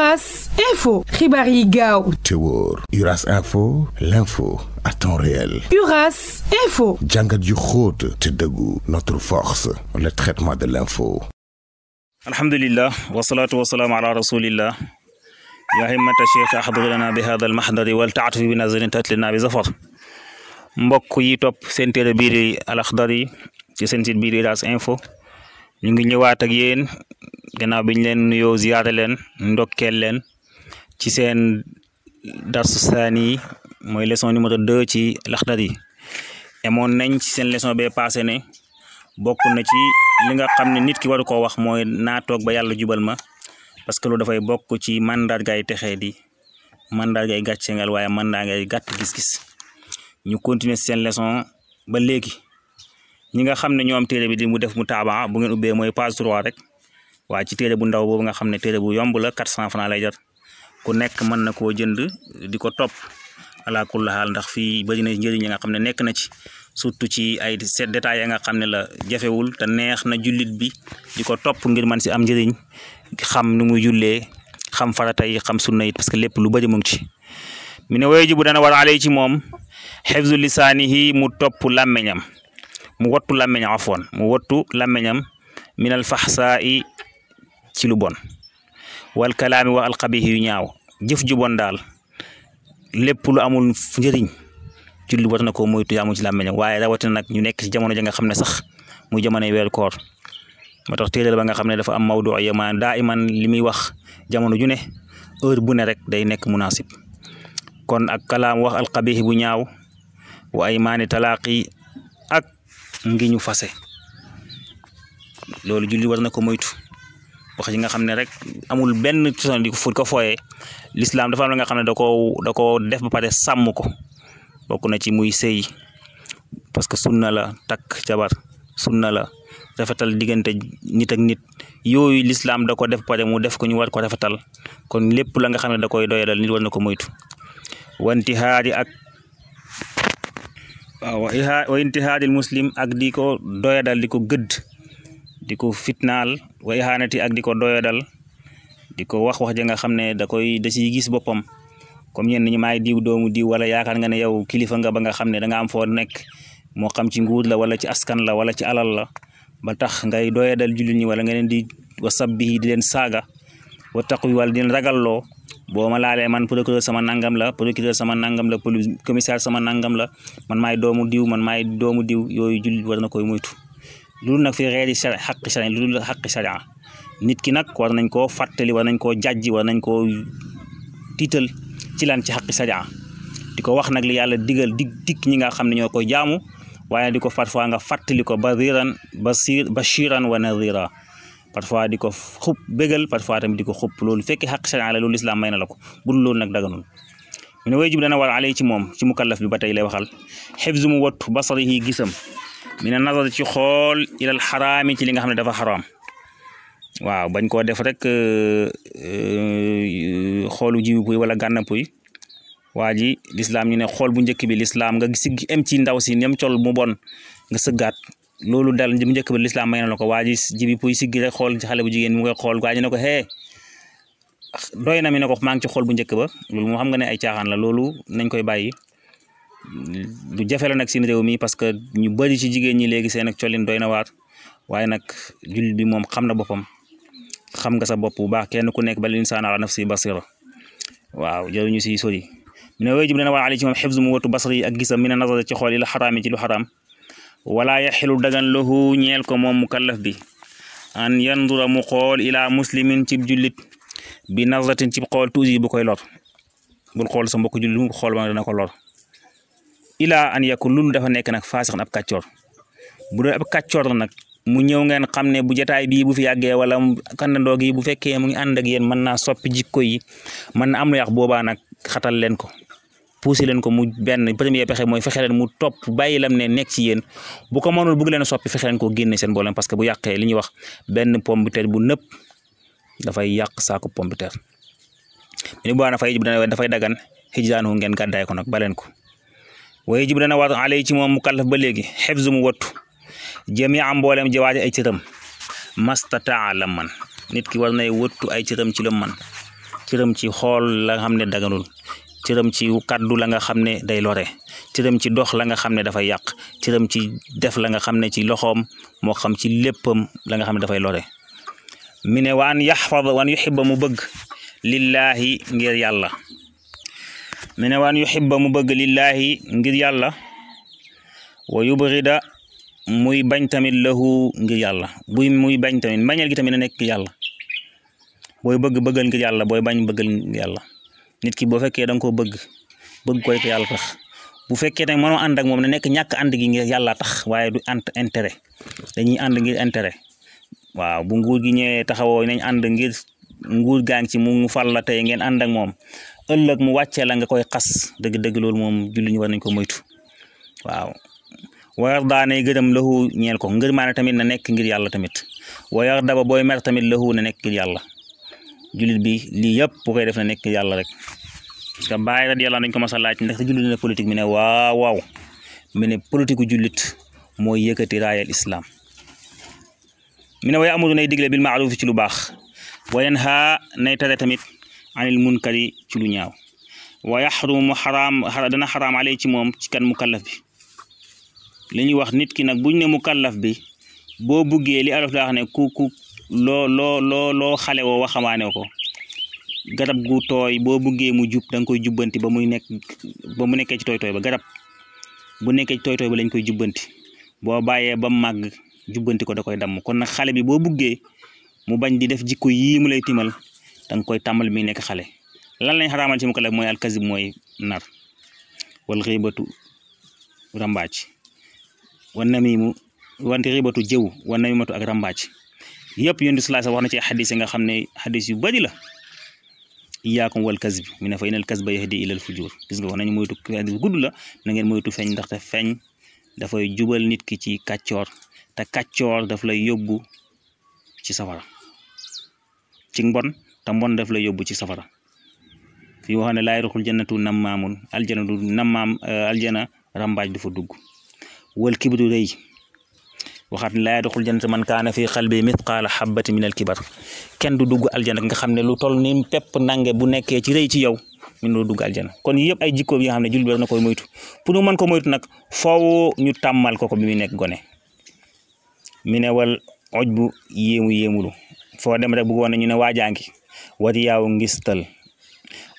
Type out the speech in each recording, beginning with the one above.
Uras Info. Ribari Gao. Tewor. Uras Info. L'info à temps réel. Uras Info. Djanga du Tedegu. Notre force. Le traitement de l'info. Alhamdulillah. Wassalatu wassalam ala rasulillah. يا همة الشيخ أحضر لنا بهذا المحضر والتعاطف بنازل تتلنا بزفر mbokk yi topp seen téere biir yi alaxdar yi Uras Info ñu ngi ñëwaat ak yéen gannaaw bi ñu leen nuyoo ziyaare leen ndokkeel leen ci seen darsu saani yi mooy leçon numéro deux ci laxdar yi emoon nañ ci seen leçon bee passé ne bokk na ci li nga xam ne nit ki waru koo wax mooy naa toog ba yàlla jubal ma parce que loolu dafay bokk ci mandargaay texee di mandargaay gàccengal waaye mandargaay gàtt gis-gis ñu continuer seen leçon ba léegi ñi nga xam ne ñoom téere bi di mu def mu taaba bu ngeen ubbee mooy page 3 rek waaye ci téere bu ndaw boobu nga xam ne téere bu yomb la 400 francs lay jar ku nekk mën na koo jënd di ko topp ala ndax fii bëri na njëriñ yi nga xam ne nekk na ci surtout ci ay set détails yi nga xam ne la jafewul te neex na jullit bi di ko topp ngir man si am njëriñ xam nu muy jullee xam farata yi xam sunna yi parce que lépp lu bëri mu ngi ci mi ne wajibu dana war alay ci moom xifzu lisaanihi mu topp làmmeñam mu wattu làmmeñ afoon mu wattu làmmeñam minal faxsaa'i ci lu bon wal kalaami wa yu ñaaw jëf ju bon daal lépp lu amul njëriñ julli wat na ko moytu yaamu ci làmmeñam waaye rawatina nag ñu nekk ci jamono ja nga xam ne sax muy jamonoy weer koor moo tax téeréel ba nga xam ne dafa am mawdu ya ma daa iman li muy wax jamono ju ne heure bu ne rek day nekk munaasib kon ak kalaam wax alxabih ñaaw wa ay maani ak ngi ñu fase loolu julli war na ko moytu wax yi nga xam ne rek amul benn cosaan di ko fu ko fooyee lislaam dafa am la nga xam ne da ko da ko def ba pare sàmm ko bokk na ci muy sëy parce que sunna la takk jabar sunna la rafetal diggante nit ak nit yooyu lislaam da ko def pare mu def ko ñu war ko rafetal kon lépp la nga xam ne da koy doyalal nit war na ko moytu wanti xaari ak waaw wa intihaadil muslim ak di ko doyadal di ko gëdd di ko fitnaal wa ihaanati ak di ko doyadal di ko wax wax ja nga xam ne da koy da ciy gis boppam comme ñenn ñi maay diw doomu diw wala yaakaar nga ne yow kilifa ngaba nga xam ne da nga am foo nekk moo xam ci nguur la wala ci askan la wala ci alal la ba tax ngay doyadal jullit ñi wala nga di wasab bi di leen saaga wala di leen ragalloo boo ma laalee man procureur sama nangam la procureur sama nangam la police commissaire sama nangam la man maay doomu diw man may doomu diw yooyu jullit war na koy moytu loolu na fi reeri sar xaqi sariya loolu xaqi sariya nit ki nag war nañ koo fàttali war nañ koo jàjji war nañ koo tiital ci lan ci xaqi sariya di ko wax nag li yàlla digal dig dikk ñi nga xam ne ñoo koy jaamu waaye di ko parfois nga fàttali ko bariran basir bashiran wa nadira parfois diko ko xub bégal parfois tam diko ko lolou fekk haq xaq ala lolou islam mayna lako bu lolou nak loolu nag daganul mu ne dana war alay ci mom ci mukallaf bi batay lay waxal hifzu mu wat basarihi gisam mina nazar ci ila ilal haram ci li nga xamne dafa haram waaw bañ ko def rek xolu jiwu puy wala gànna puy waa ji ñu ne xol bu ñëk bi l'islam nga ci em ci ndaw si ñam ciol mu bon nga sëggaat loolu dal mu njëkk ba lislaam may na la ko waa jibi puy siggi rek xool xale bu jigéen mu koy xool waa ji ne ko xee doy na mi ne ko maa ngi ci xool bu njëkk ba loolu xam nga ne ay caaxaan la loolu nañ koy bàyyi du jafe la nag seen réew mi parce que ñu bëri ci jigéen ñi léegi seen ak colin doy na waat waaye nag jullit bi moom xam na boppam xam nga sa bopp bu baax kenn ku nekk bal insaan ala nafsi basira waaw jëruñu si sori mu ne wéy jib dana waa ali ci moom xifz mu watu basri ak gisam mi ne nazara ci xool yi la xaraam ci lu xaraam wala yaxilu dagan lahu ñeel ko moom mu mukallaf bi an yandura mu xool ilaa muslimin cib jullit bi nazratin cib xool tuusi bu koy lor bul xool sa mbokk jullit mu xool ba dana ko lor ilaa an yakun loolu dafa nekk nag faasixan ab kàccoor bu dee ab kàccoor nag mu ñëw ngeen xam ne bu jotaay bii bu fi yàggee wala kàndandoo gi bu fekkee mu ngi ànd ak yéen mën naa soppi jikko yi mën na am lu boobaa nag xatal leen ko poussé leen ko mu benn premier pexe mooy fexe leen mu top bàyyi lam ne nekk ci yéen bu ko mënul bugg leen soppi fexe leen ko génne seen mboolem parce que bu yàqee li ñuy wax benn pomme de bu nëpp dafay yàq saako pomme de terre mais bu baax dafay dafay dagan xijjaanu ngeen gàddaay ko nag baleen ko waaye jib dana waat alay ci moom mu kallaf ba léegi xefzu mu wattu jami am mboolem jawaaji ay cëram mastataa la man nit ki war nay wattu ay cëram ci la man cëram ci xool la xam ne daganul cëram ci kàddu la nga xam ne day lore cëram ci dox la nga xam ne dafay yàq cëram ci def la nga xam ne ci loxoom moo xam ci léppam la nga xam ne dafay lore mi ne waan yaxfad waan yuxibba mu bëgg lillaahi ngir yàlla mi ne waan yuxibba mu bëgg lillaahi ngir yàlla wa yubrida muy bañ tamit lahu ngir yàlla buy muy bañ tamit mbañeel gi tamit na nekk yàlla booy bëgg bëggal ngir yàlla booy bañ bëggal ngir yàlla nit ki boo fekkee da nga koo bëgg bëgg koy te yàlla tax bu fekkee nag mënoo ànd ak moom ne nekk ñàkk ànd gi ngir yàlla tax waaye du ànd intérêt dañuy ànd ngir intérêt waaw bu nguur gi ñëwee taxawoo nañ ànd ngir nguur gaa ngi ci mu fal la tey ngeen ànd ak moom ëllëg mu wàccee la nga koy xas dëgg-dëgg loolu moom julli ñu war nañ ko moytu waaw wayar daanay gërëm lahu ñeel ko ngir maane tamit na nekk ngir yàlla tamit wayar daba booy mer tamit lahu na nekk ngir yàlla jullit bi lii yëpp bu koy def na nekk yàlla rek parce que bàyyi radiyallahu dañ ko mas a laaj ndax jullit na politique mi ne waaw waaw mi ne politique jullit mooy yëkkati raayal islam mi ne way amuru nay digle bil ma'ruf ci lu baax wa xa nay tere tamit anil munkari ci lu ñaaw wa yaxrumu xaraam dana xaraam alay ci moom ci kan mukallaf bi li wax nit ki nag buñ ne mukallaf bi boo buggee li araf daa ne ku ku loo loo loo xale woo waxamaane ko garab gu tooy boo buggee mu jub danga koy jubbanti ba muy nekk ba mu nekkee ci tooy ba garab bu nekkee ci tooy tooy ba lañ koy jubbanti boo bàyyee ba mu màgg jubbanti ko da koy damm kon nag xale bi boo buggee mu bañ di def jikko yii mu lay timal da koy tàmmal mi nekk xale lan lañ xaraamal ci mu kala mooy alkazib mooy nar wal xibatu rambaaj wan namimu wante xibatu jëw wan namimatu ak rambaaj yëpp yonent sallallahu alayhi wasallam wax na ci xadis yi nga xam ne xadis yu bari la iyyaakum wal kasb mi ne fa inal kasba yahdi ilal fujur gis nga wax nañu moytu gudd la na ngeen moytu feeñ ndaxte feeñ dafay jubal nit ki ci kàccoor te kàccoor daf lay yóbbu ci safara ci mbon te mbon daf lay yóbbu ci safara fi wax ne laay ruxul jannatu nammaamun eh, aljana du nammaam rambaaj du dugg wal kibru rëy waxaat ne laa yadxul jannata man kaana fi xalbi mithqaala xabbati min alkibar kenn du dugg aljana nga xam ne lu toll ni pepp nange bu nekkee ci rëy ci yow min du dugg aljana kon yëpp ay jikko yi nga xam ne jullit bi ko moytu nag ñu tàmmal ko ko bi muy nekk gone mi ne wal oj bu yéemu yéemulu foo dem rek bëggoon ñu ne waajaa ngi wati ngistal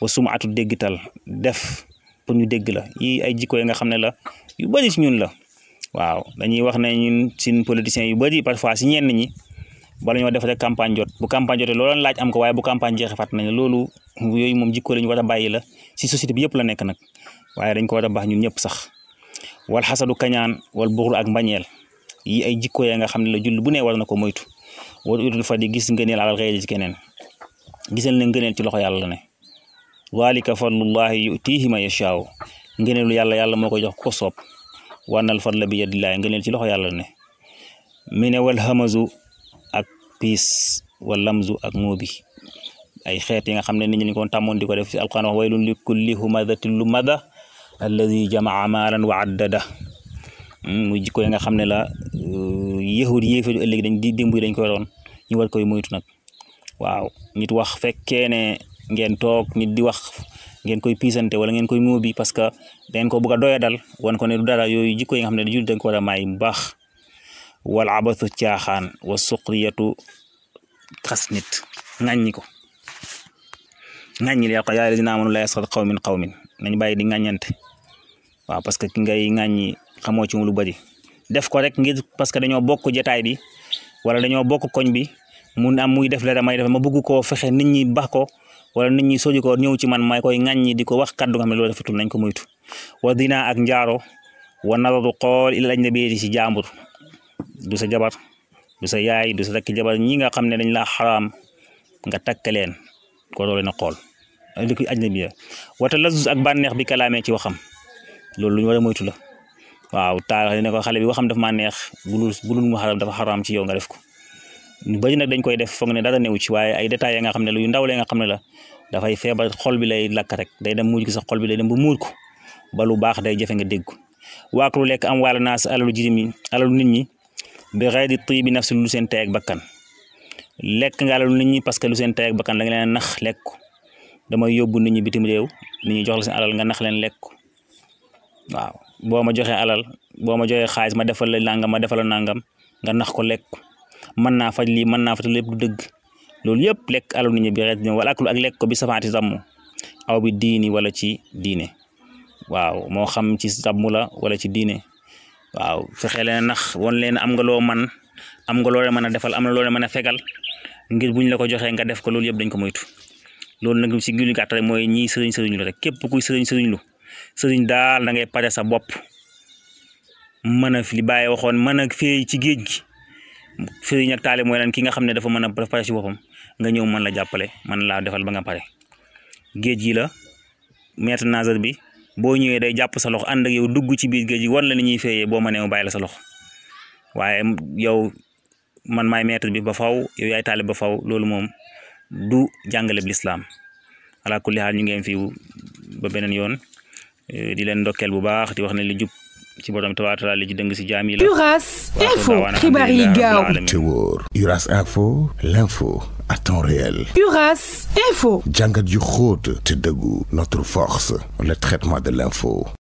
wa sumaatu déggtal def pour ñu dégg la yi ay jikko yi nga xam ne la yu bari ñun la waaw dañuy wax ne ñun suñ politiciens yu bëri parfois si ñenn ñi bala ñoo def rek campagne jot bu campagne jotee looloon laaj am ko waaye bu campagne jeexee fàtt nañ loolu yooyu moom jikko la ñu war a bàyyi la si société bi yëpp la nekk nag waaye dañ ko war a baax ñun ñëpp sax wal xasadu kañaan wal buxul ak mbañeel yi ay jikko ya nga xam ne la jull bu ne war na ko moytu war utul fa di gis ngëneel alal xëy ci keneen gisal ne ngëneel ci loxo yàlla la ne walika fadlullahi yutihi ma yashaa ngëneelu yàlla yàlla moo koy jox ko soob wa annal fadla bi yadillaahi nga leen ci loxo yàlla ne mi ne wal hamazu ak piis wal ak muubi ay xeet yi nga xam ne nit ñi dañu ko di ko def ci alquran wax waylun li kulli humazatin lumaza alladi jamaa maalan wa addada hmm, muy jikko yi nga xam ne la uh, yahud yéefédu ëllëgi dañ di démb dañ koy doon ñu war koy moytu nag waaw wax fekkee ngeen toog nit wax ngeen koy piisante wala ngeen koy móobi parce que dangeen ko bëgg a doya dal wan ko ne du dara yooyu jikko yi nga xam ne jullit da nga ko war a maay bu baax wal abathu caaxaan wa xas nit ŋàññi ko ŋàññil yàlla ko yaa lazina amanu laa yasxar qawmin qawmin nañ bay di ŋàññante waaw parce que ki ngay ŋàññi xamoo ci lu bari def ko rek ngir parce que dañoo bokk jotaay bi wala dañoo bokk koñ bi mun am muy def la damay def ma bëgg koo fexe nit ñi baax ko wala nit ñi soju ko ñëw ci man may koy ŋàññi di ko wax kaddu nga xam ne loolu rafetul nañ ko moytu wa dina ak njaaro wa nadaru xool ilal ajnabi ci jàmbur du sa jabar du sa yaay du sa takki jabar ñii nga xam ne dañ laa xaraam nga takk leen ko doole na xool li ko ajnabi wata lazuz ak bànneex bi kalaamee ci waxam loolu lu ñu war moytu la waaw taal ko xale bi waxam dafa ma neex bulul bulul mu xaram dafa xaraam ci yow nga def ko ñu bëri nag dañ koy def foog ne dara newu ci waaye ay détails ya nga xam ne lu ndaw la nga xam ne la dafay feebar xol bi lay lakk rek day dem mujj gi sax xol bi day dem ba muur ko ba lu baax day jafe nga dégg ko lekk am waala naas alalu jirim yi alalu nit ñi bi xëy di tuy bi naf si lu seen tey ak bakkan lekk nga alalu nit ñi parce que lu seen tey ak bakkan da nga leen nax lekk ko damay yóbbu nit ñi bitim réew nit ñi jox la seen alal nga nax leen lekk ko waaw boo ma joxee alal boo ma joxee xaalis ma defal la nangam ma defal la nangam nga nax ko lekk ko mën naa faj lii mën naa faj lépp du dëgg loolu yëpp lekk alalu nit ñi bi xeet wala ak lekk ko bi safaati sàmm aw bi diini wala ci diine waaw moo xam ci sàmm la wala ci diine waaw fexe leen nax won leen am nga loo man am nga loo leen mën a defal am na loo leen mën a fegal ngir buñ la ko joxee nga def ko loolu yëpp dañ ko moytu loolu nag si gillu gàtt rek mooy ñii sëriñ sëriñ lu rek képp kuy sëriñ sëriñ lu sëriñ daal da ngay pare sa bopp mën a li gi firiñ ak taali moy lan ki nga xamné dafa mëna préparer ci bopam nga ñëw man la jappalé man la défal ba nga pare géej la maître nazar bi bo ñëwee day japp sa lox and ak yow dugg ci biir géej gi wan la ni ñi féyé bo mu bayil sa lox wayé yow man may maître bi ba faw yow yaay taali ba faw lolu mom du jàngale bi ala alaa kulli hal ñu ngeen fi ba benen yoon eh, di len ndokkeel bu baax di wax ne li jup ci borom li ci la. Uras info xibar yi gaaw te Uras info l'info à temps réel. Uras info. jangat yu xóot te dëggu notre force le traitement de l'info.